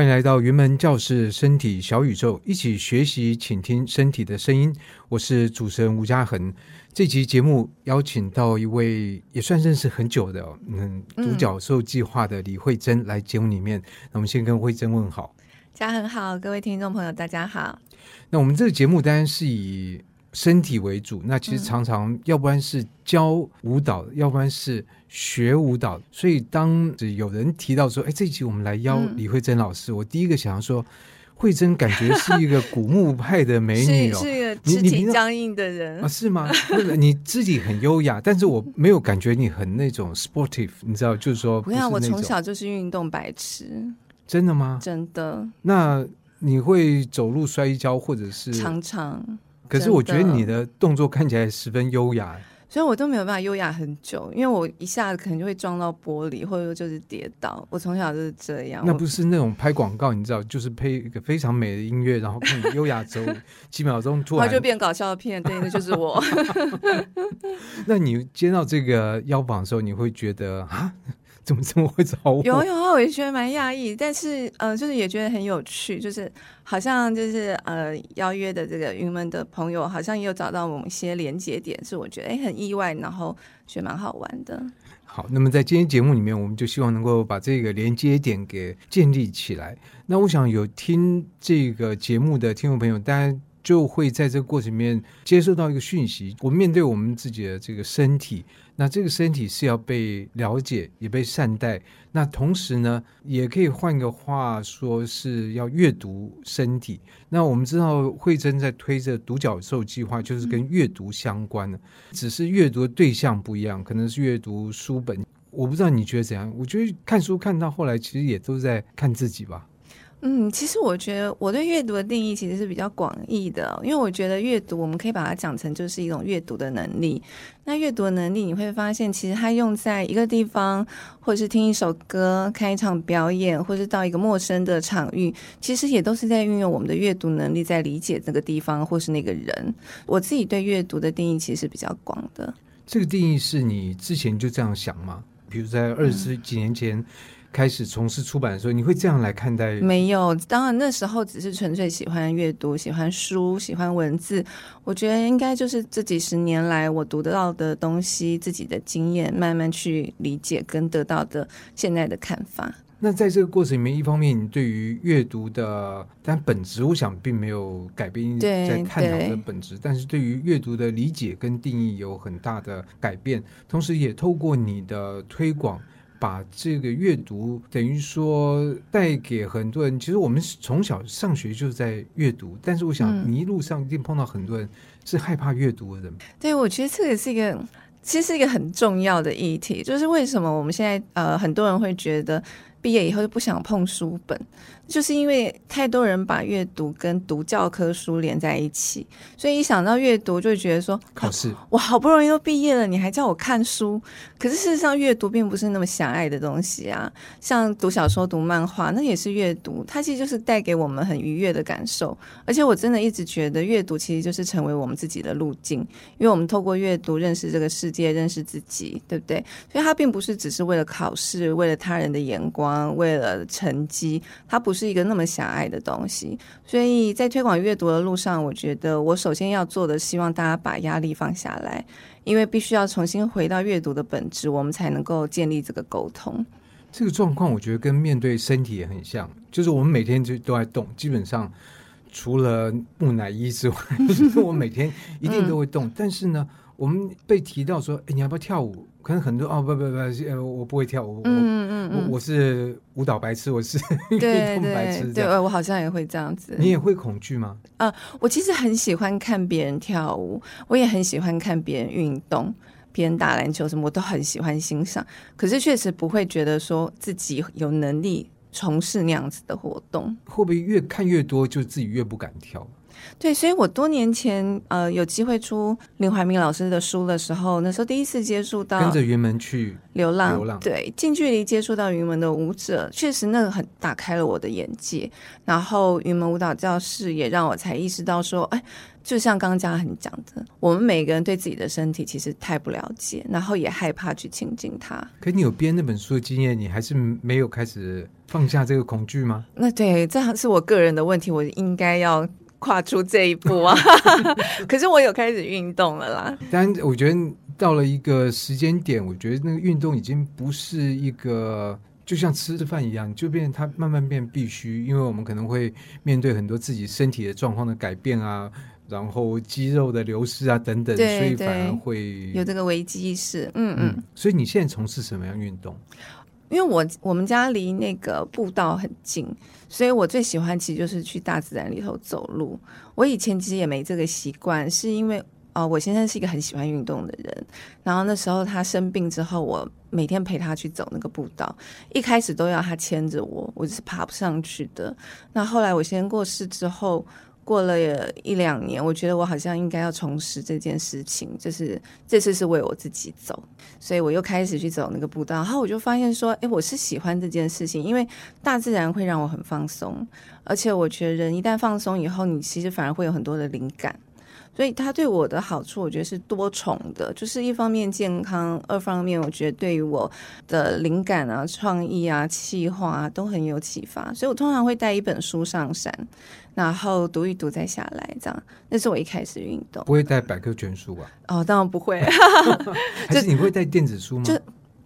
歡迎來到雲門教室，身體小宇宙，一起學習，傾聽身體的聲音。我是主持人吳嘉恆。這期節目邀請到一位也算認識很久的，嗯，獨角獸計劃的李惠貞來節目裡面。嗯、那我們先跟惠貞問好，嘉恆好，各位聽眾朋友大家好。那我們這個節目當然是以身體為主，那其實常常要不然是教舞蹈，嗯、要不然是學舞蹈。所以當有人提到說：“哎，這一集我們來邀李惠貞老師。嗯”我第一個想要說，惠貞感覺是一個古墓派的美女、哦、 是，是一個肢體僵硬的人 啊？是嗎？那個、你自己很優雅， 但是我沒有感覺你很那種 sportive，你知道，就是說不要。我從小就是運動白痴，真的嗎？真的。那你會走路摔跤，或者是常常？可是我覺得你的動作看起來十分優雅，所以我都沒有辦法優雅很久，因為我一下子可能就會撞到玻璃，或者說就是跌倒。我從小就是這樣。那不是那種拍廣告，你知道，就是配一個非常美的音樂，然後看你優雅走 幾秒鐘，突然就變搞笑片，對的，那就是我。 那你接到這個邀訪的時候，你會覺得啊？怎麼怎麼會找我？有有，我也覺得蠻訝異，但是呃，就是也覺得很有趣，就是好像就是呃，邀約的這個雲門的朋友，好像也有找到某些連接點，是我覺得哎很意外，然後覺得蠻好玩的。好，那麼在今天節目裡面，我們就希望能夠把這個連接點給建立起來。那我想有聽這個節目的聽眾朋友，大家就會在這個過程裡面接收到一個訊息，我面對我們自己的這個身體。那這個身體是要被了解，也被善待。那同時呢，也可以換個話說，是要閱讀身體。那我們知道，惠貞在推着獨角獸計劃，就是跟閱讀相關的，嗯、只是閱讀的對象不一樣，可能是閱讀書本。我不知道你覺得怎樣？我覺得看書看到後來，其實也都在看自己吧。嗯，其實我覺得我對閱讀的定義其實是比較廣義的，因為我覺得閱讀我們可以把它講成就是一種閱讀的能力。那閱讀的能力你會發現，其實它用在一個地方，或者是聽一首歌、看一場表演，或是到一個陌生的場域，其實也都是在運用我們的閱讀能力，在理解這個地方或是那個人。我自己對閱讀的定義其實是比較廣的。這個定義是你之前就這樣想嗎？比如在二十幾年前？嗯開始從事出版的時候，你會這樣來看待？沒有，當然那時候只是純粹喜歡閱讀、喜歡書、喜歡文字。我覺得應該就是這幾十年來我讀得到的東西、自己的經驗，慢慢去理解跟得到的現在的看法。那在這個過程裡面，一方面你對於閱讀的但本質，我想並沒有改變，對在探討的本質，但是對於閱讀的理解跟定義有很大的改變，同時也透過你的推廣。把這個閱讀等於說帶給很多人。其實我們從小上學就是在閱讀，但是我想你一路上一定碰到很多人是害怕閱讀的人。嗯、對，我覺得這個是一個，其實是一個很重要的議題，就是為什麼我們現在呃很多人會覺得。畢業以後就不想碰書本，就是因為太多人把閱讀跟讀教科書連在一起，所以一想到閱讀就會覺得說考試。啊，我好不容易都畢業了，你還叫我看書？可是事實上，閱讀並不是那麼狹隘的東西啊。像讀小說、讀漫畫，那也是閱讀，它其實就是帶給我們很愉悅的感受。而且我真的一直覺得，閱讀其實就是成為我們自己的路徑，因為我們透過閱讀認識這個世界，認識自己，對不對？所以它並不是只是為了考試，為了他人的眼光。為了成績，它不是一個那麼狹隘的東西。所以在推廣閱讀的路上，我覺得我首先要做的，希望大家把壓力放下來，因為必須要重新回到閱讀的本質，我們才能夠建立這個溝通。這個狀況，我覺得跟面對身體也很像，就是我們每天就都在動，基本上除了木乃伊之外， 我每天一定都會動，嗯。但是呢，我們被提到說：“哎，你要不要跳舞？”可能很多哦，不不不、欸，我，我不會跳舞，我、嗯嗯、我我是舞蹈白痴，我是對， 對，對我好像也會這樣子。你也會恐懼嗎？啊、呃，我其實很喜歡看別人跳舞，我也很喜歡看別人運動，別人打籃球什麼，我都很喜歡欣賞。可是確實不會覺得說自己有能力從事那樣子的活動。會不會越看越多，就自己越不敢跳？對，所以我多年前呃有機會出林懷民老師的書的時候，那時候第一次接觸到跟着雲門去流浪流浪，對，近距離接觸到雲門的舞者，確實那個很打開了我的眼界。然後雲門舞蹈教室也讓我才意識到說，哎，就像剛嘉恆講，講的，我們每個人對自己的身體其實太不了解，然後也害怕去親近它。可你有編那本書的經驗，你還是沒有開始放下這個恐懼嗎？那對，這還是我個人的問題，我應該要。跨出這一步啊！ 可是我有開始運動了啦。但我覺得到了一個時間點，我覺得那個運動已經不是一個，就像吃的飯一樣，就變它慢慢變必須，因為我們可能會面對很多自己身體的狀況的改變啊，然後肌肉的流失啊等等，所以反而會有這個危機意識。嗯嗯。所以你現在從事什麼樣運動？因為我我們家離那個步道很近，所以我最喜歡其實就是去大自然裡頭走路。我以前其實也沒這個習慣，是因為啊、呃，我先生是一個很喜歡運動的人，然後那時候他生病之後，我每天陪他去走那個步道，一開始都要他牽着我，我是爬不上去的。那後來我先生過世之後，過了也一兩年，我覺得我好像應該要重拾這件事情，就是這次是為我自己走，所以我又開始去走那個步道。然後我就發現說，哎，我是喜歡這件事情，因為大自然會讓我很放鬆，而且我覺得人一旦放鬆以後，你其實反而會有很多的靈感。所以它對我的好處，我覺得是多重的，就是一方面健康，二方面我覺得對於我的靈感啊、創意啊、企劃啊都很有啟發。所以我通常會帶一本書上山。然後讀一讀再下來，這樣，那是我一開始運動。不會帶百科全書啊？哦，當然不會。 就 是你會帶電子書嗎？就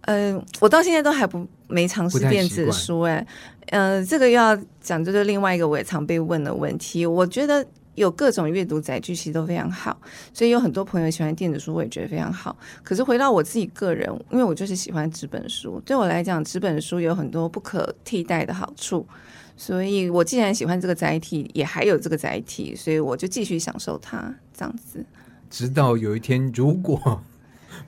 嗯、呃，我到現在都還不沒嘗試電子書哎、欸。嗯、呃，這個要講，就是另外一個我也常被問的問題，我覺得。有各種閱讀載具，其實都非常好，所以有很多朋友喜歡電子書，我也覺得非常好。可是回到我自己個人，因為我就是喜歡紙本書，對我來講，紙本書有很多不可替代的好處，所以我既然喜歡這個載體，也還有這個載體，所以我就繼續享受它，這樣子，直到有一天如果，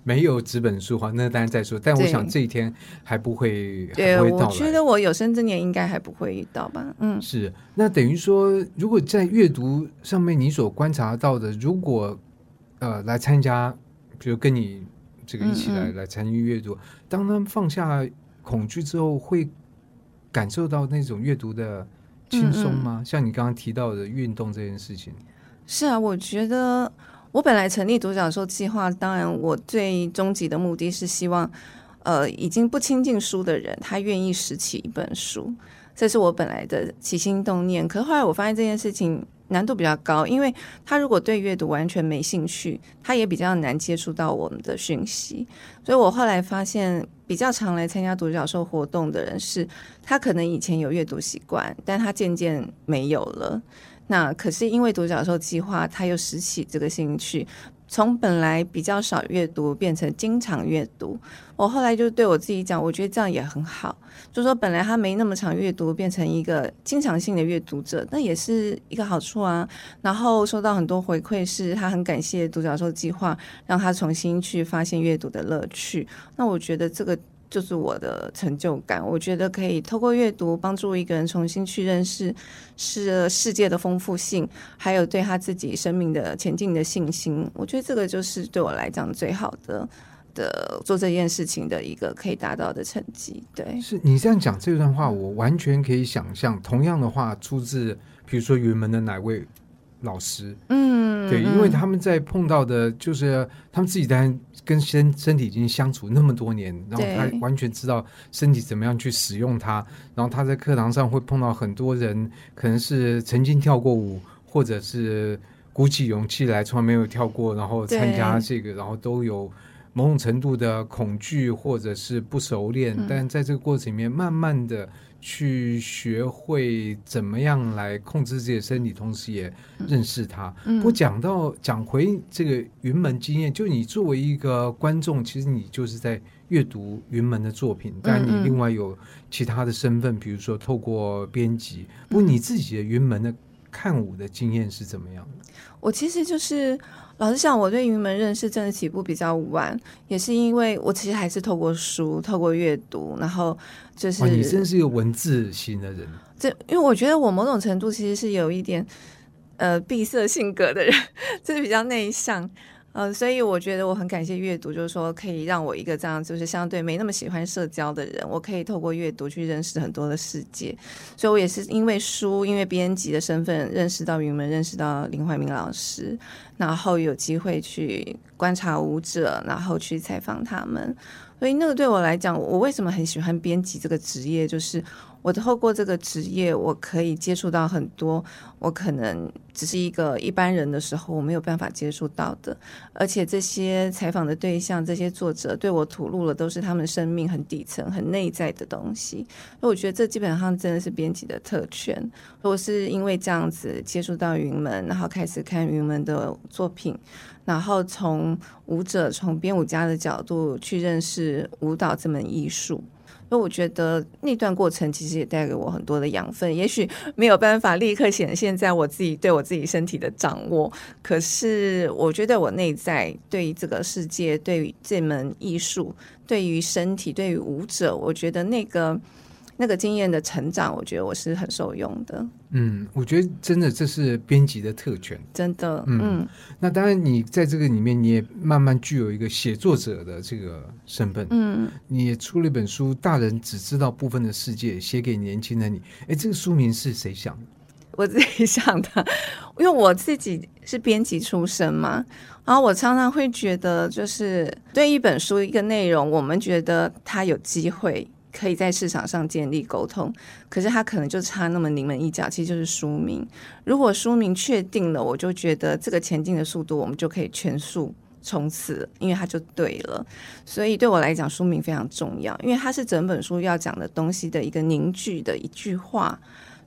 沒有紙本書的話，那當然再說。但我想這一天還不會，對，不會到。對，我覺得我有生之年應該還不會遇到吧。嗯，是。那等於說，如果在閱讀上面你所觀察到的，如果呃來參加，比如跟你這個一起來嗯嗯來參與閱讀，當他們放下恐懼之後，會感受到那種閱讀的輕鬆嗎嗯嗯？像你剛剛提到的運動這件事情，是啊，我覺得。我本來成立獨角獸計劃，當然我最終極的目的是希望，呃，已經不親近書的人，他願意拾起一本書，這是我本來的起心動念。可後來我發現這件事情難度比較高，因為他如果對閱讀完全沒興趣，他也比較難接觸到我們的訊息。所以我後來發現，比較常來參加獨角獸活動的人是，是他可能以前有閱讀習慣，但他漸漸沒有了。那可是因為獨角獸計劃，他又拾起這個興趣，從本來比較少閱讀變成經常閱讀。我後來就對我自己講，我覺得這樣也很好，就是說本來他沒那麼常閱讀，變成一個經常性的閱讀者，那也是一個好處啊。然後收到很多回饋，是他很感謝獨角獸計劃，讓他重新去發現閱讀的樂趣。那我覺得這個。就是我的成就感，我覺得可以透過閱讀幫助一個人重新去認識是世界的豐富性，還有對他自己生命的前進的信心。我覺得這個就是對我來講最好的的做這件事情的一個可以達到的成績。對，是你這樣講這段話，我完全可以想象同樣的話，出自比如說雲門的哪位老師，嗯，對，因為他們在碰到的，就是他們自己在跟身身體已經相處那麼多年，然後他完全知道身體怎麼樣去使用它，然後他在課堂上會碰到很多人，可能是曾經跳過舞，或者是鼓起勇氣來從來沒有跳過，然後參加這個，然後都有。某種程度的恐懼，或者是不熟練、嗯，但在這個過程裡面，慢慢的去學會怎麼樣來控制自己的身體，同時也認識它。嗯嗯、不講到講回這個雲門經驗，就你作為一個觀眾，其實你就是在閱讀雲門的作品，但你另外有其他的身份，嗯嗯、比如說透過編輯，不你自己的雲門的。看舞的經驗是怎麼樣？我其實就是老實講，我對雲門認識真的起步比較晚，也是因為我其實還是透過書、透過閱讀，然後。就是你真是一個文字型的人。這因為我覺得我某種程度其實是有一點呃閉塞性格的人，就是比較內向。嗯、呃，所以我覺得我很感謝閱讀，就是說可以讓我一個這樣就是相對沒那麼喜歡社交的人，我可以透過閱讀去認識很多的世界。所以我也是因為書，因為編輯的身份，認識到雲門，認識到林懷民老師，然後有機會去觀察舞者，然後去採訪他們。所以那個對我來講，我為什麼很喜歡編輯這個職業，就是。我透過這個職業，我可以接觸到很多我可能只是一個一般人的時候，我沒有辦法接觸到的，而且這些採訪的對象，這些作者對我吐露的都是他們生命很底層、很內在的東西。那我覺得這基本上真的是編輯的特權。如果是因為這樣子接觸到雲門，然後開始看雲門的作品，然後從舞者、從編舞家的角度去認識舞蹈這門藝術。因為我覺得那段過程其實也帶給我很多的養分，也許沒有辦法立刻顯現在我自己對我自己身體的掌握，可是我覺得我內在對於這個世界、對於這門藝術、對於身體、對於舞者，我覺得那個。那個經驗的成長，我覺得我是很受用的。嗯，我覺得真的這是編輯的特權，真的。嗯，嗯，那當然，你在這個裡面，你也慢慢具有一個寫作者的這個身份。嗯，你出了一本書，《大人只知道部分的世界》，寫給年輕的你。哎，這個書名是誰想的？我自己想的，因為我自己是編輯出身嘛，然後我常常會覺得，就是對一本書一個內容，我們覺得它有機會。可以在市場上建立溝通，可是他可能就差那麼臨門一腳，其實就是書名。如果書名確定了，我就覺得這個前進的速度我們就可以全速衝刺，因為它就對了。所以對我來講，書名非常重要，因為它是整本書要講的東西的一個凝聚的一句話。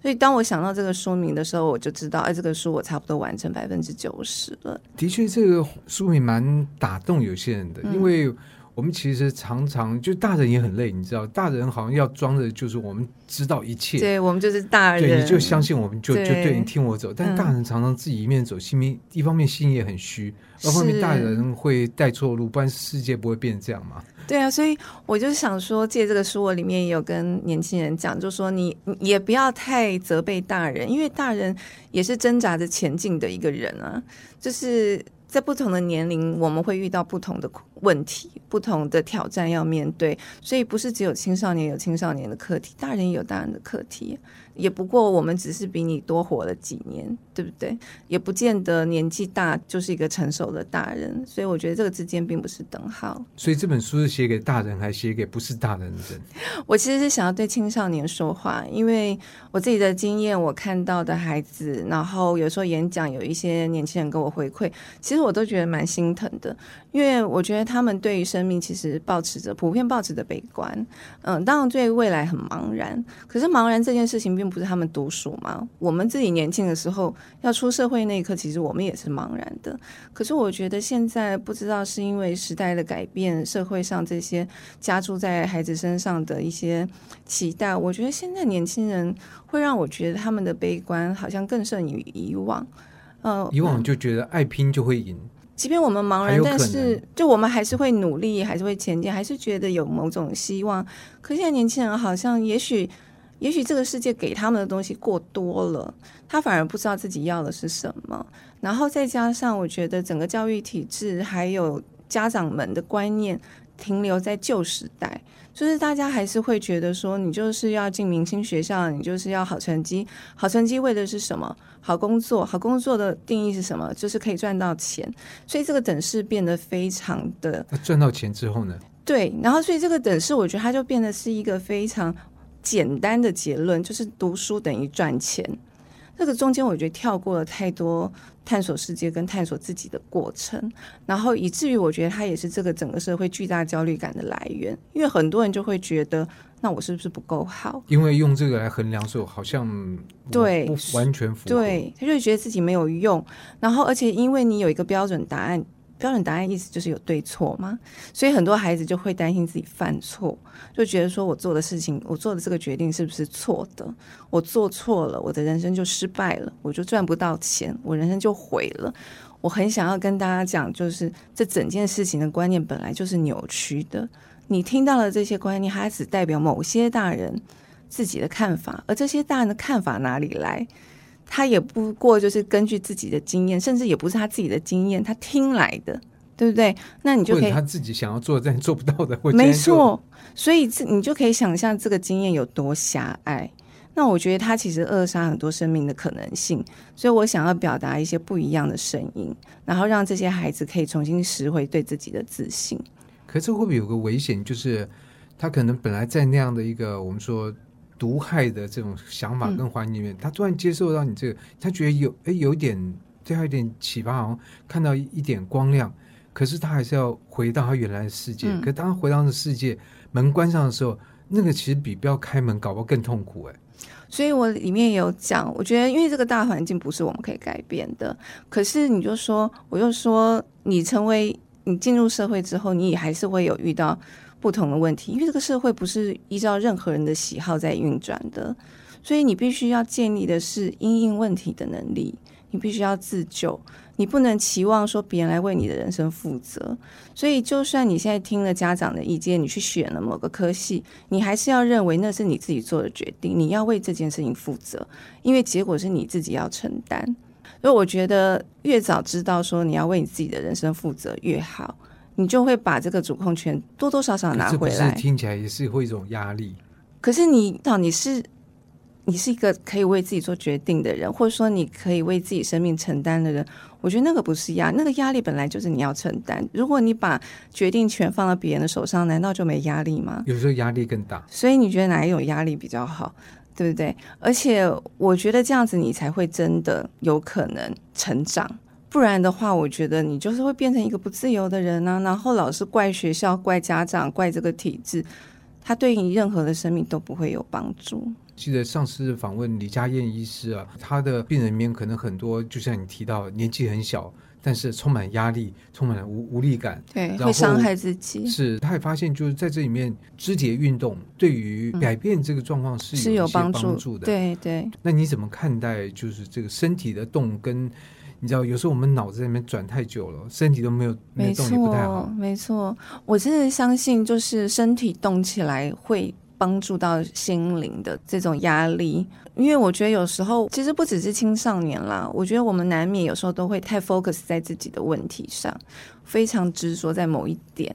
所以當我想到這個書名的時候，我就知道，哎，這個書我差不多完成百分之九十了。的確，這個書名蠻打動有些人的，嗯、因為。我們其實常常，就大人也很累，你知道，大人好像要裝着就是我們知道一切，對，我們就是大人，對，你就相信我們就對就對，你聽我走，但大人常常自己一面走，心面一方面心也很虛，二、嗯、方面大人會帶錯路，不然世界不會變成這樣嘛。對啊，所以我就想說，借這個書，我裡面也有跟年輕人講，就說你也不要太責備大人，因為大人也是掙扎着前進的一個人啊，就是在不同的年齡，我們會遇到不同的苦。問題不同的挑戰要面對，所以不是只有青少年有青少年的課題，大人也有大人的課題。也不過我們只是比你多活了幾年，對不對？也不見得年紀大就是一個成熟的大人，所以我覺得這個之間並不是等號。所以這本書是寫給大人，還是寫給不是大人的人？我其實是想要對青少年說話，因為我自己的經驗，我看到的孩子，然後有時候演講有一些年輕人給我回饋，其實我都覺得蠻心疼的。因為我覺得他們對於生命其實抱持著普遍抱持著悲觀，嗯，當然對未來很茫然。可是茫然這件事情並不是他們獨屬嘛。我們自己年輕的時候要出社會那一刻，其實我們也是茫然的。可是我覺得現在不知道是因為時代的改變，社會上這些加注在孩子身上的一些期待，我覺得現在年輕人會讓我覺得他們的悲觀好像更勝於以往。嗯，以往就覺得愛拼就會贏。即便我們茫然，但是就我們還是會努力，還是會前進，還是覺得有某種希望。可現在年輕人好像，也許，也許這個世界給他們的東西過多了，他反而不知道自己要的是什麼。然後再加上，我覺得整個教育體制還有家長們的觀念。停留在舊時代，就是大家還是會覺得說，你就是要進明星學校，你就是要好成績。好成績為的是什麼？好工作。好工作的定義是什麼？就是可以賺到錢。所以這個等式變得非常的。啊，賺到錢之後呢？對，然後所以這個等式，我覺得它就變得是一個非常簡單的結論，就是讀書等於賺錢。這、那個中間，我覺得跳過了太多探索世界跟探索自己的過程，然後以至於我覺得它也是這個整個社會巨大焦慮感的來源，因為很多人就會覺得，那我是不是不夠好？因為用這個來衡量，說好像對完全符合，對，他就覺得自己沒有用，然後而且因為你有一個標準答案。標準答案意思就是有對錯嗎？所以很多孩子就會擔心自己犯錯，就覺得說，我做的事情，我做的這個決定是不是錯的？我做錯了，我的人生就失敗了，我就賺不到錢，我人生就毀了。我很想要跟大家講，就是這整件事情的觀念本來就是扭曲的。你聽到了這些觀念，它只代表某些大人自己的看法，而這些大人的看法哪裡來？他也不過就是根據自己的經驗，甚至也不是他自己的經驗，他聽來的，對不對？那你就可以他自己想要做但做不到的，做的，沒錯。所以你就可以想象這個經驗有多狹隘。那我覺得他其實扼殺很多生命的可能性。所以我想要表達一些不一樣的聲音，然後讓這些孩子可以重新拾回對自己的自信。可是會不會有個危險，就是他可能本來在那樣的一個我們說。毒害的這種想法跟環境裡面，嗯，他突然接受到你這個，他覺得有誒、欸,有一點對他有點啟發，好像看到一點光亮。可是他還是要回到他原來的世界。嗯，可當他回到那世界，門關上的時候，那個其實比不要開門搞不好更痛苦誒、欸，所以我裡面也有講，我覺得因為這個大環境不是我們可以改變的。可是你就說，我就說你成為你進入社會之後，你也還是會有遇到。不同的問題，因為這個社會不是依照任何人的喜好在運轉的，所以你必須要建立的是因應問題的能力。你必須要自救，你不能期望說別人來為你的人生負責。所以，就算你現在聽了家長的意見，你去選了某個科系，你還是要認為那是你自己做的決定，你要為這件事情負責，因為結果是你自己要承擔。所以，我覺得越早知道說你要為你自己的人生負責越好。你就會把這個主控權多多少少拿回來，是是聽起來也是會一種壓力。可是你到你是你是一個可以為自己做決定的人，或者說你可以為自己生命承擔的人，我覺得那個不是壓，那個壓力本來就是你要承擔。如果你把決定權放到別人的手上，難道就沒壓力嗎？有時候壓力更大。所以你覺得哪一種壓力比較好，對不對？而且我覺得這樣子你才會真的有可能成長。不然的話，我覺得你就是會變成一個不自由的人啊！然後老是怪學校、怪家長、怪這個體制，它對你任何的生命都不會有幫助。記得上次訪問李佳燕醫師啊，他的病人裡面可能很多，就像你提到，年紀很小，但是充滿壓力，充滿了無無力感，對，會傷害自己。是，他也發現就是在這裡面肢節運動對於改變這個狀況是有、嗯、是有幫助的。對對。那你怎麼看待就是這個身體的動跟？你知道，有時候我們腦子裡面轉太久了，身體都沒有沒動，不太好。沒錯，沒錯，我真的相信，就是身體動起來會幫助到心靈的這種壓力。因為我覺得有時候，其實不只是青少年啦，我覺得我們難免有時候都會太 focus 在自己的問題上，非常執着在某一點。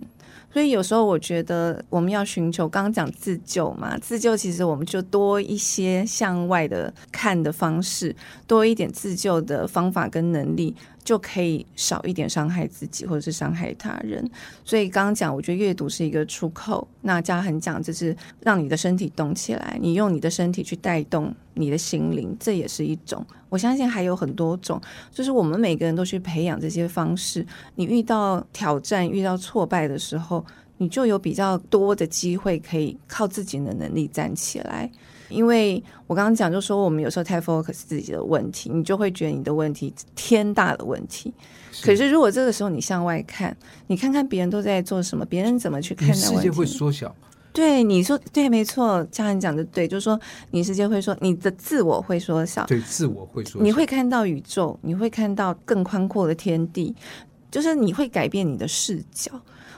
所以有時候我覺得我們要尋求剛剛講自救嘛，自救其實我們就多一些向外的看的方式，多一點自救的方法跟能力。就可以少一點傷害自己，或者是傷害他人。所以剛剛講，我覺得閱讀是一個出口。那嘉恆講，就是讓你的身體動起來，你用你的身體去帶動你的心靈，這也是一種。我相信還有很多種，就是我們每個人都去培養這些方式。你遇到挑戰、遇到挫敗的時候，你就有比較多的機會可以靠自己的能力站起來。因為我剛剛講，就說我們有時候太 focus 自己的問題，你就會覺得你的問題天大的問題。可是如果這個時候你向外看，你看看別人都在做什麼，別人怎麼去看待問題，世界會縮小。對，你說對，沒錯，家人講的對，就是說你世界會說你的自我會縮小，對，自我會縮小，你會看到宇宙，你會看到更寬闊的天地，就是你會改變你的視角。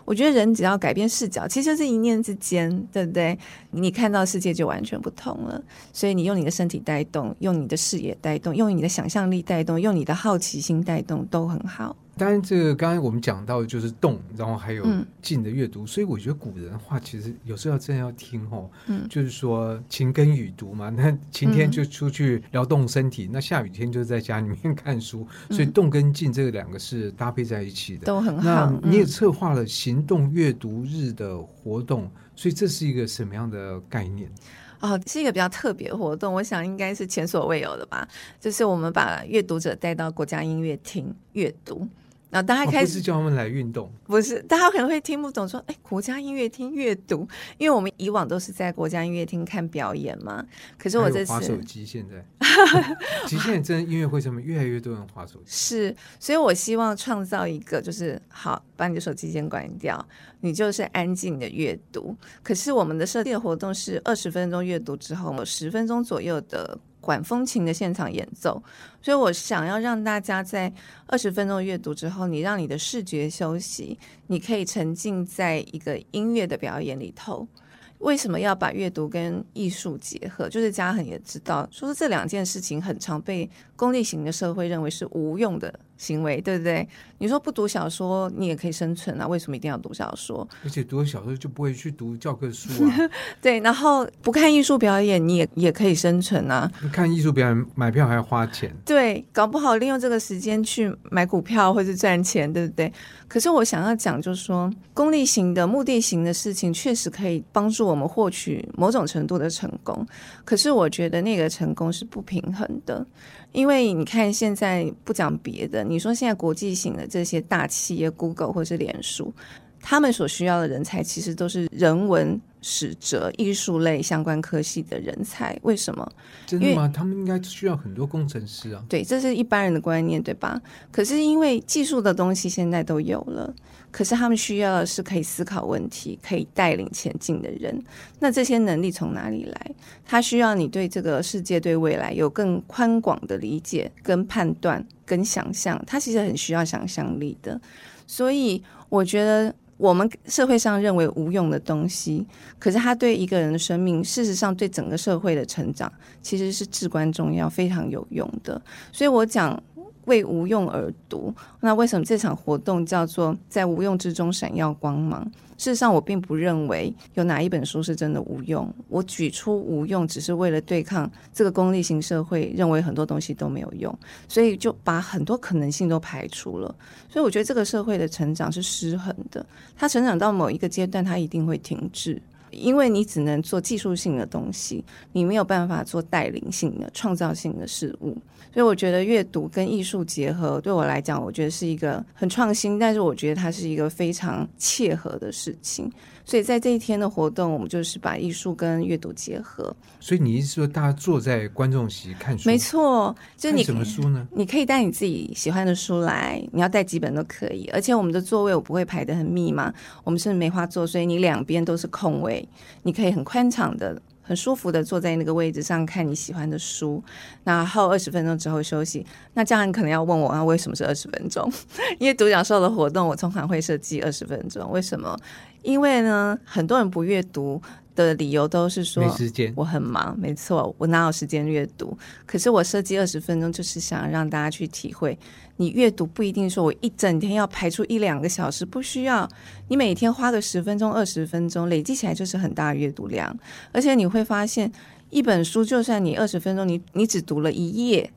我覺得人只要改變視角，其實就是一念之間，對不對？你看到世界就完全不同了。所以你用你的身體帶動，用你的視野帶動，用你的想象力帶動，用你的好奇心帶動，都很好。當然，這個剛才我們講到的就是動，然後還有靜的閱讀、嗯，所以我覺得古人話其實有時候真的要聽哦、嗯。就是說晴耕雨讀嘛，嗯、那晴天就出去勞動身體、嗯，那下雨天就在家裡面看書，嗯、所以動跟靜這個兩個是搭配在一起的。都很好。你也策劃了行動閱讀日的活動、嗯，所以這是一個什麼樣的概念？哦，是一個比較特別的活動，我想應該是前所未有的吧。就是我們把閱讀者帶到國家音樂廳閱讀。那大家開始、哦、是叫他們來運動，不是？大家可能會聽不懂，說：“哎，國家音樂廳閱讀，因為我們以往都是在國家音樂廳看表演嘛。”可是我這滑手機現在，其實現在真的音樂會上面越來越多人滑手機，是。所以我希望創造一個，就是好，把你的手機先關掉，你就是安靜的閱讀。可是我們的設定的活動是二十分鐘閱讀之後，我們十分鐘左右的。管風琴的現場演奏，所以我想要讓大家在二十分鐘閱讀之後，你讓你的視覺休息，你可以沉浸在一個音樂的表演裡頭。為什麼要把閱讀跟藝術結合？就是嘉恆也知道，說是這兩件事情很常被功利型的社會認為是無用的行為對不對？你說不讀小說，你也可以生存啊？為什麼一定要讀小說？而且讀小說就不會去讀教科書啊？ 對，然後不看藝術表演，你也也可以生存啊？看藝術表演，買票還要花錢。對，搞不好利用這個時間去買股票或者是賺錢，對不對？可是我想要講，就是說功利型的目的型的事情，確實可以幫助我們獲取某種程度的成功。可是我覺得那個成功是不平衡的，因為你看現在不講別的。你說現在國際型的這些大企業，Google 或是臉書。他們所需要的人才其實都是人文史哲、藝術類相關科系的人才。為什麼？真的嗎？他們應該需要很多工程師啊。對，這是一般人的觀念，對吧？可是因為技術的東西現在都有了，可是他們需要的是可以思考問題、可以帶領前進的人。那這些能力從哪裡來？他需要你對這個世界、對未來有更寬廣的理解跟判斷跟想象。他其實很需要想象力的。所以我覺得。我們社會上認為無用的東西，可是它對一個人的生命，事實上對整個社會的成長，其實是至關重要、非常有用的。所以我講為無用而讀。那為什麼這場活動叫做在無用之中閃耀光芒？事實上，我並不認為有哪一本書是真的無用。我舉出無用，只是為了對抗這個功利性社會，認為很多東西都沒有用，所以就把很多可能性都排除了。所以，我覺得這個社會的成長是失衡的。它成長到某一個階段，它一定會停滯。因為你只能做技術性的東西，你沒有辦法做帶領性的、創造性的事物，所以我覺得閱讀跟藝術結合，對我來講，我覺得是一個很創新，但是我覺得它是一個非常切合的事情。所以在這一天的活動，我們就是把藝術跟閱讀結合。所以你意思說，大家坐在觀眾席看書？沒錯，就是你什麼書呢？你可以帶你自己喜歡的書來，你要帶幾本都可以。而且我們的座位我不會排得很密嘛，我們是梅花座，所以你兩邊都是空位，你可以很寬敞的、很舒服的坐在那個位置上看你喜歡的書。那還有二十分鐘之後休息，那這樣你可能要問我，啊，為什麼是二十分鐘？ 因為獨角獸的活動我通常會設計二十分鐘，為什麼？因為呢，很多人不閱讀的理由都是說沒時間，我很忙。沒錯，我哪有時間閱讀？可是我設計二十分鐘，就是想讓大家去體會，你閱讀不一定說我一整天要排出一兩個小時，不需要，你每天花個十分鐘、二十分鐘，累積起來就是很大的閱讀量。而且你會發現，一本書就算你二十分鐘，你你只讀了一頁。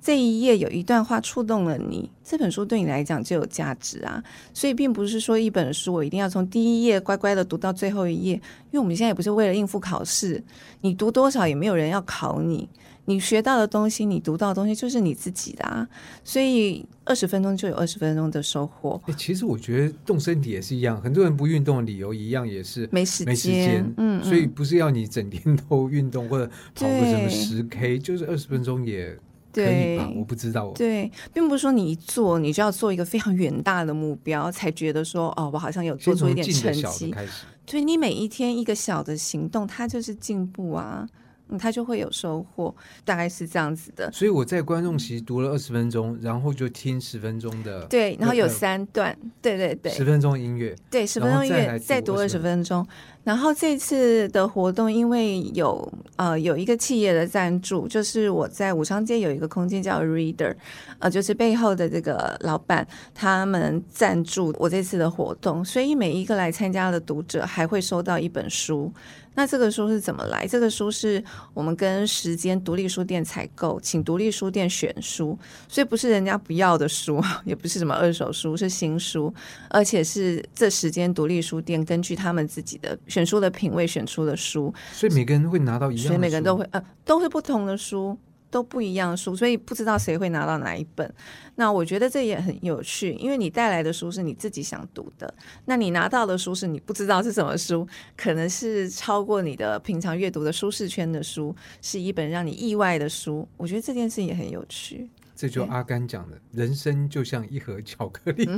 這一頁有一段話觸動了你，這本書對你來講就有價值啊。所以並不是說一本書我一定要從第一頁乖乖的讀到最後一頁，因為我們現在也不是為了應付考試，你讀多少也沒有人要考你，你學到的東西，你讀到的東西就是你自己的啊。所以二十分鐘就有二十分鐘的收穫。欸，其實我覺得動身體也是一樣，很多人不運動的理由一樣也是沒時間。嗯嗯。所以不是要你整天都運動或者跑個什麼十 K，就是二十分鐘也。對，我不知道。對，並不是說你一做，你就要做一個非常遠大的目標，才覺得說哦，我好像有做出一點成績。對，所以你每一天一個小的行動，它就是進步啊，嗯，它就會有收穫，大概是這樣子的。所以我在觀眾席讀了二十分鐘，然後就聽十分鐘的，對，然後有三段，對對對，十分鐘音樂，對，十分鐘音樂，再讀二十分鐘。然後這次的活動，因為有呃有一個企業的贊助，就是我在武昌街有一個空間叫 Reader，呃，就是背後的這個老闆他們贊助我這次的活動，所以每一個來參加的讀者還會收到一本書。那這個書是怎麼來？這個書是我們跟十間獨立書店採購，請獨立書店選書，所以不是人家不要的書，也不是什麼二手書，是新書，而且是這十間獨立書店根據他們自己的。選書的品味，選出的書，所以每個人會拿到一樣書，所以每個人都會呃、啊，都是不同的書，都不一樣書，所以不知道誰會拿到哪一本。那我覺得這也很有趣，因為你帶來的書是你自己想讀的，那你拿到的書是你不知道是什麼書，可能是超過你的平常閱讀的舒適圈的書，是一本讓你意外的書。我覺得這件事也很有趣。這就阿甘講的，人生就像一盒巧克力，我、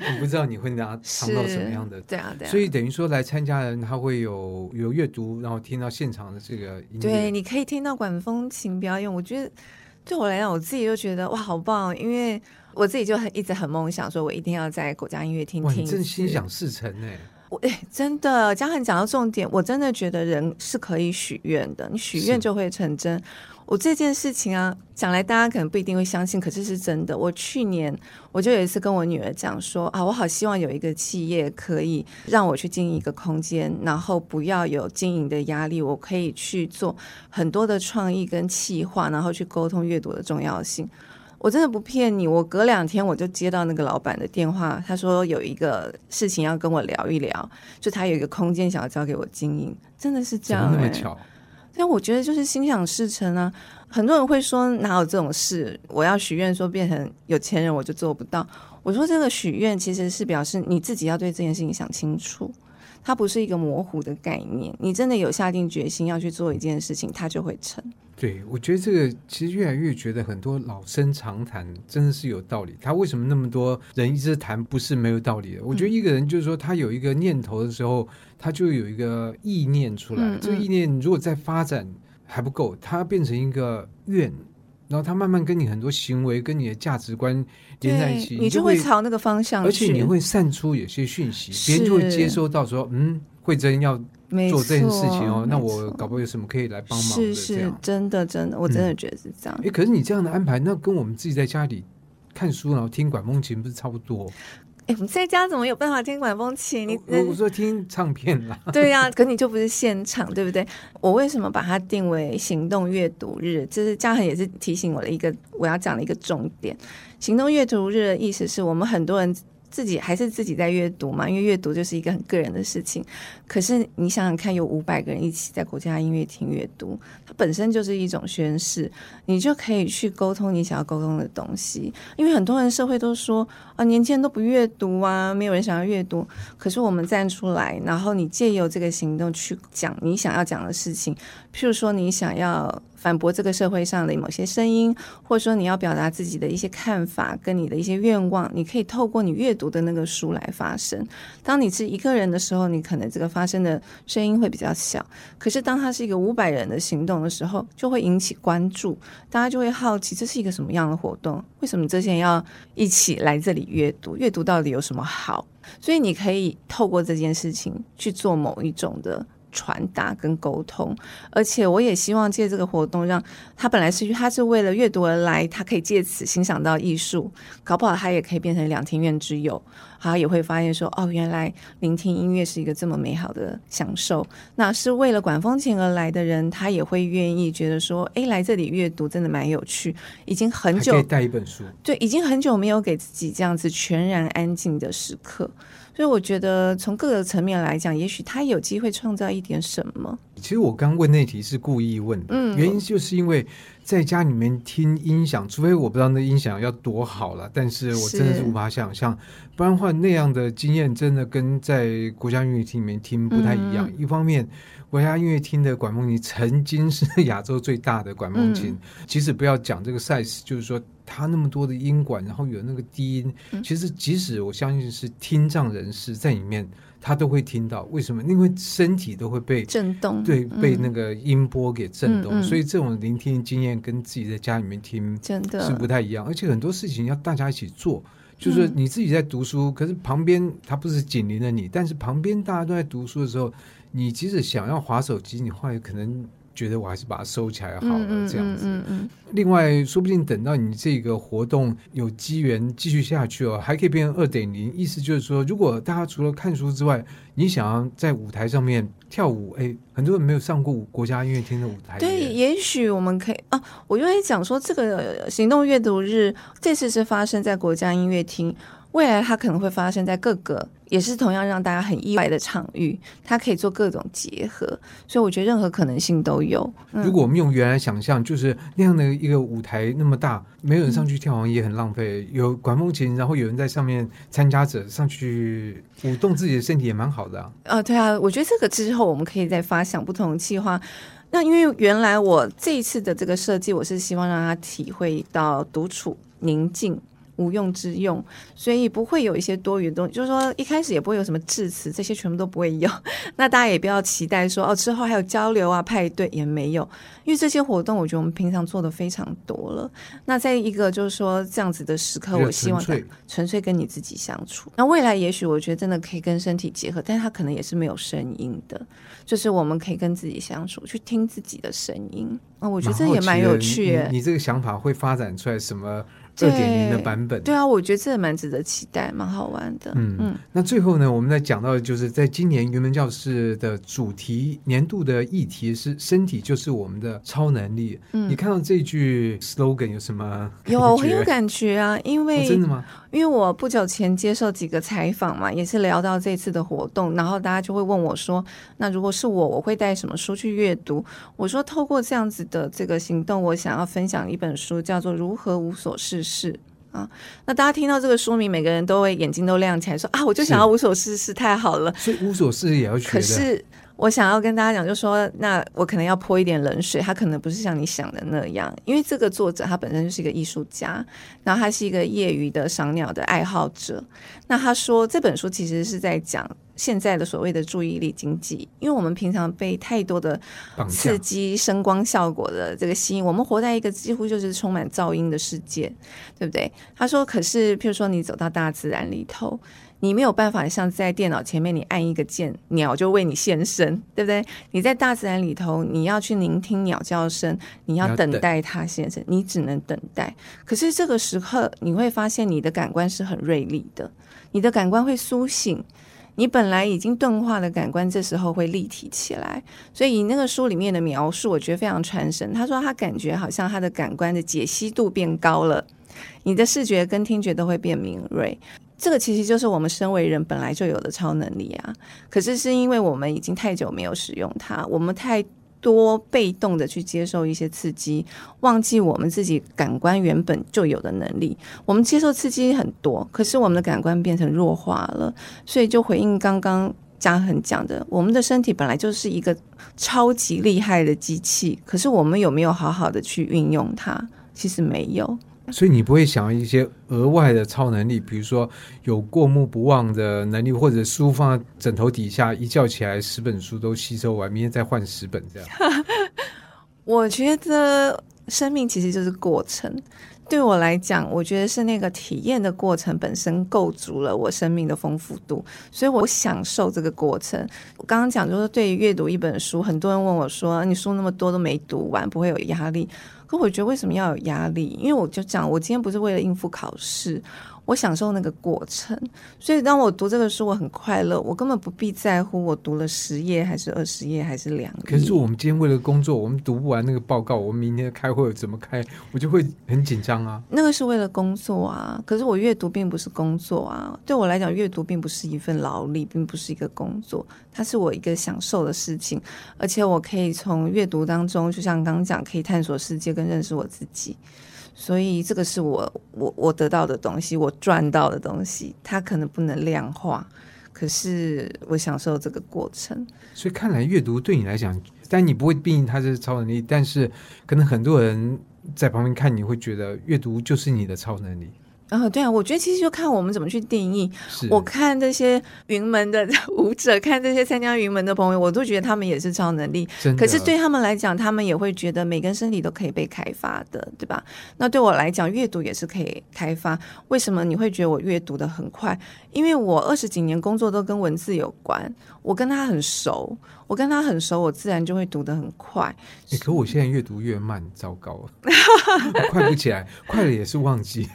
嗯、 不知道你會拿嘗到什麼樣的。對啊，對啊。所以等於說來參加人，他會有有閱讀，然後聽到現場的這個音樂。對，你可以聽到管風琴表演。我覺得對我來講，我自己就覺得哇，好棒！因為我自己就很一直很夢想，說我一定要在國家音樂廳聽。哇，你真的心想事成呢、欸！我哎，真的，江涵講到重點，我真的覺得人是可以許願的，你許願就會成真。我這件事情啊，講來大家可能不一定會相信，可是是真的。我去年我就有一次跟我女兒講說啊，我好希望有一個企業可以讓我去經營一個空間，然後不要有經營的壓力，我可以去做很多的創意跟企劃，然後去溝通閱讀的重要性。我真的不騙你，我隔兩天我就接到那個老板的電話，他說有一個事情要跟我聊一聊，就他有一個空間想要交給我經營，真的是這樣、哎，怎麼那麼巧。但我覺得就是心想事成啊，很多人會說哪有這種事？我要許願說變成有錢人，我就做不到。我說這個許願其實是表示你自己要對這件事情想清楚，它不是一個模糊的概念。你真的有下定決心要去做一件事情，它就會成。對，我覺得這個其實越來越覺得很多老生常談真的是有道理。他為什麼那麼多人一直談，不是沒有道理的。嗯。我覺得一個人就是說，他有一個念頭的時候，他就有一個意念出來。嗯嗯，這個意念如果在發展還不夠，他變成一個願，然後他慢慢跟你很多行為、跟你的價值觀。對，你就會朝那個方向去，而且你會散出有些訊息，別人就會接收到說，嗯，惠貞要做這件事情哦，那我搞不好有什麼可以來幫忙？是是，真的真的，我真的覺得是這樣。嗯。欸，可是你這樣的安排，那跟我們自己在家裡看書然後聽管風琴不是差不多？哎，你在家怎麼有辦法聽管風琴？你是我，我說聽唱片啦。對呀、啊，可你就不是現場， 對不對？我為什麼把它定為行動閱讀日？就是、這是嘉恆也是提醒我的一個我要講的一個重點。行動閱讀日的意思是我們很多人。自己還是自己在閱讀嘛，因為閱讀就是一個很個人的事情。可是你想想看，有五百個人一起在國家音樂廳閱讀，它本身就是一種宣示，你就可以去溝通你想要溝通的東西。因為很多人社會都說啊，年輕人都不閱讀啊，沒有人想要閱讀。可是我們站出來，然後你借由這個行動去講你想要講的事情，譬如說你想要反駁這個社會上的某些聲音，或者說你要表達自己的一些看法，跟你的一些願望，你可以透過你閱讀的那個書來發聲。當你是一個人的時候，你可能這個發聲的聲音會比較小；可是當它是一個五百人的行動的時候，就會引起關注，大家就會好奇這是一個什麼樣的活動，為什麼之前要一起來這裡閱讀？閱讀到底有什麼好？所以你可以透過這件事情去做某一種的。傳達跟溝通，而且我也希望借這個活動，讓他本來是他是為了閱讀而來，他可以借此欣賞到藝術，搞不好他也可以變成兩廳院之友，他也會發現說，哦，原來聆聽音樂是一個這麼美好的享受。那是為了管風琴而來的人，他也會願意覺得說，哎，來這裡閱讀真的蠻有趣。已經很久可以帶一本書，對，已經很久沒有給自己這樣子全然安靜的時刻。所以我覺得從各個層面來講，也許他有機會創造一點什麼。其實我剛問那題是故意問的，嗯，原因就是因為在家裡面聽音響，除非我不知道那音響要多好了，但是我真的是無法想象，不然的話那樣的經驗真的跟在國家音樂廳裡面聽不太一樣。嗯、一方面。國家音樂廳的管風琴曾經是亞洲最大的管風琴，嗯，即使不要講這個 size，就是說它那麼多的音管，然後有那個低音，嗯、其實即使我相信是聽障人士在裡面，他都會聽到。為什麼？因為身體都會被震動，對、嗯，被那個音波給震動，嗯、所以這種聆聽經驗跟自己在家裡面聽是不太一樣。而且很多事情要大家一起做，就是你自己在讀書，可是旁邊他不是緊鄰着你，但是旁邊大家都在讀書的時候，你即使想要滑手機，你滑也可能，覺得我還是把它收起來好了，這樣子。另外，說不定等到你這個活動有機緣繼續下去哦，還可以變成二點零。意思就是說，如果大家除了看書之外你、哎嗯，嗯嗯嗯外你，哦、之外你想要在舞台上面跳舞，哎、很多人沒有上過國家音樂廳的舞台。對，也許我們可以啊。我願意講說，這個行動閱讀日這次是發生在國家音樂廳。未來它可能會發生在各個，也是同樣讓大家很意外的場域，它可以做各種結合，所以我覺得任何可能性都有。嗯、如果我們用原來想象，就是那樣的一個舞台那麼大，沒有人上去跳，也很浪費。嗯、有管風琴，然後有人在上面參加者上去舞動自己的身體，也蠻好的啊。啊、呃，對啊，我覺得這個之後我們可以再發想不同的計劃。那因為原來我這一次的這個設計，我是希望讓他體會到獨處寧靜。無用之用，所以不會有一些多餘的東西。就是說，一開始也不會有什麼致辭，這些全部都不會有。那大家也不要期待說哦，之後還有交流啊，派對也沒有，因為這些活動我覺得我們平常做的非常多了。那再一個就是說這樣子的時刻，我希望純粹跟你自己相處。那未來也許我覺得真的可以跟身體結合，但是它可能也是沒有聲音的，就是我們可以跟自己相處，去聽自己的聲音啊、哦。我覺得這也蠻有趣、欸你。你這個想法會發展出來什麼？二點零的版本，對啊，我覺得這也蠻值得期待，蠻好玩的。嗯嗯，那最後呢，我們在講到，就是在今年雲門教室的主題年度的議題是“身體就是我們的超能力”。嗯，你看到這句 slogan 有什麼？有、啊、我很有感覺啊，因為、哦、真的嗎？因為我不久前接受幾個採訪嘛，也是聊到這次的活動，然後大家就會問我說：“那如果是我，我會帶什麼書去閱讀？”我說：“透過這樣子的這個行動，我想要分享一本書，叫做《如何無所事事”。是啊，那大家聽到這個說明，每個人都會眼睛都亮起來說，說啊，我就想要無所事事，太好了。所以無所事事也要去，可是，我想要跟大家講，就說那我可能要潑一點冷水，他可能不是像你想的那樣，因為這個作者他本身就是一個藝術家，然後他是一個業餘的賞鳥的愛好者。那他說這本書其實是在講現在的所謂的注意力經濟，因為我們平常被太多的刺激、聲光效果的這個吸引，我們活在一個幾乎就是充滿噪音的世界，對不對？他說，可是譬如說你走到大自然裡頭。你沒有辦法像在電腦前面，你按一個鍵，鳥就為你現身，對不對？你在大自然裡頭，你要去聆聽鳥叫聲，你要等待它現身，你只能等待。可是這個時刻你會發現你的感官是很銳利的，你的感官會甦醒，你本來已經鈍化的感官，這時候會立體起來。所以，以那個書裡面的描述，我覺得非常傳神。他說，他感覺好像他的感官的解析度變高了。你的視覺跟聽覺都會變敏銳，這個其實就是我們身為人本來就有的超能力啊。可是是因為我們已經太久沒有使用它，我們太多被動地去接受一些刺激，忘記我們自己感官原本就有的能力。我們接受刺激很多，可是我們的感官變成弱化了。所以就回應剛剛嘉恆講的，我們的身體本來就是一個超級厲害的機器，可是我們有沒有好好的去運用它？其實沒有。所以你不會想要一些額外的超能力，比如說有過目不忘的能力，或者書放在枕頭底下，一覺起來十本書都吸收完，明天再換十本這樣。 我覺得生命其實就是過程，對我來講，我覺得是那個體驗的過程本身構築了我生命的豐富度，所以我享受這個過程。我剛剛講就是，對於閱讀一本書，很多人問我說：“你書那麼多都沒讀完，不會有壓力？”不，我覺得為什麼要有壓力？因為我就講，我今天不是為了應付考試。我享受那個過程，所以當我讀這個書，我很快樂。我根本不必在乎我讀了十頁還是二十頁還是兩頁。可是我們今天為了工作，我們讀不完那個報告，我們明天開會怎麼開，我就會很緊張啊。那個是為了工作啊，可是我閱讀並不是工作啊。對我來講，閱讀並不是一份勞力，並不是一個工作，它是我一個享受的事情。而且我可以從閱讀當中，就像剛剛講，可以探索世界跟認識我自己。所以這個是我我我得到的東西，我賺到的東西，它可能不能量化，可是我享受這個過程。所以看來閱讀對你來講，但你不會定義它是超能力，但是可能很多人在旁邊看你會覺得閱讀就是你的超能力。啊、嗯，對啊，我覺得其實就看我們怎麼去定義。我看這些雲門的舞者，看這些參加雲門的朋友，我都覺得他們也是超能力。可是對他們來講，他們也會覺得每個人身體都可以被開發的，對吧？那對我來講，閱讀也是可以開發。為什麼你會覺得我閱讀得很快？因為我二十幾年工作都跟文字有關，我跟他很熟，我跟他很熟，我自然就會讀得很快。欸、可我現在閱讀越慢，糟糕了、 哦，快不起來，快了也是忘記。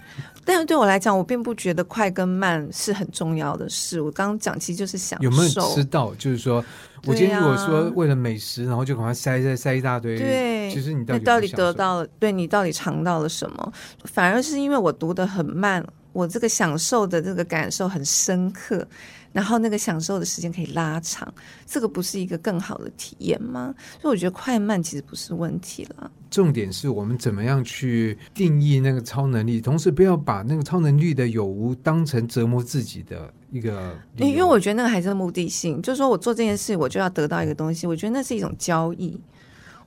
但是對我來講，我並不覺得快跟慢是很重要的事。我剛剛講其實就是享受。有沒有吃到？就是說，我今天如果說為了美食，啊、然後就趕快塞在塞一大堆，對，其實你到底，有有到底得到了？對，你到底嘗到了什麼？反而是因為我讀得很慢，我這個享受的這個感受很深刻，然後那個享受的時間可以拉長，這個不是一個更好的體驗嗎？所以我覺得快慢其實不是問題了。重點是我們怎麼樣去定義那個超能力，同時不要把那個超能力的有無當成折磨自己的一個。因為我覺得那個還是目的性，就是說我做這件事我就要得到一個東西，我覺得那是一種交易。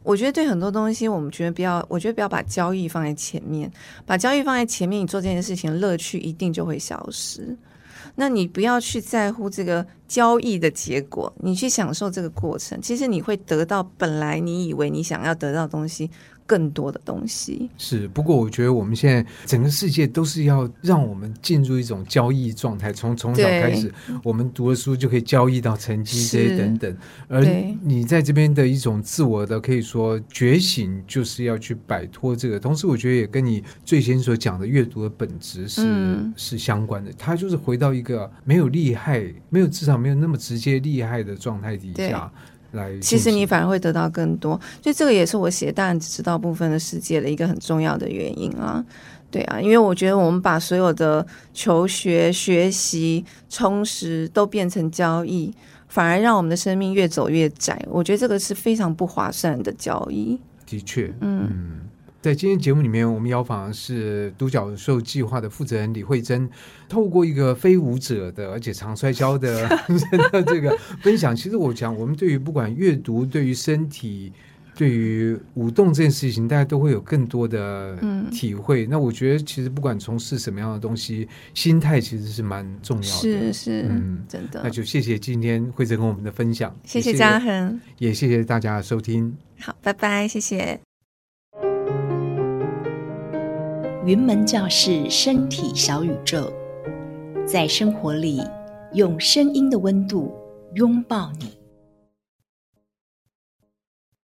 我覺得對很多東西，我們覺得不要，我覺得不要把交易放在前面，把交易放在前面，你做這件事情樂趣一定就會消失。那你不要去在乎這個交易的結果，你去享受這個過程，其實你會得到本來你以為你想要得到東西。更多的東西是，不過我覺得我們現在整個世界都是要讓我們進入一種交易狀態，從從小開始，我們讀了書就可以交易到成績這些等等。而你在這邊的一種自我的可以說覺醒，就是要去擺脫這個。同時，我覺得也跟你最先所講的閱讀的本質是、嗯、是相關的，它就是回到一個沒有利害，沒有至少沒有那麼直接利害的狀態底下。其實你反而會得到更多，所以這個也是我寫《但只知道部分的世界》的一個很重要的原因啊。對啊，因為我覺得我們把所有的求學、學習、充實都變成交易，反而讓我們的生命越走越窄。我覺得這個是非常不划算的交易。的確，嗯。嗯在今天節目裡面，我們邀訪的是獨角獸計劃的負責人李惠貞，透過一個非舞者的而且常摔跤的 這個分享，其實我講，我們對於不管閱讀、對於身體、對於舞動這件事情，大家都會有更多的體會、嗯。那我覺得，其實不管從事什麼樣的東西，心態其實是蠻重要的是。是是，嗯，真的。那就謝謝今天惠貞跟我們的分享，謝謝嘉恆，也謝謝大家的收聽。好，拜拜，謝謝。雲門教室，身體小宇宙，在生活裡用聲音的溫度擁抱你。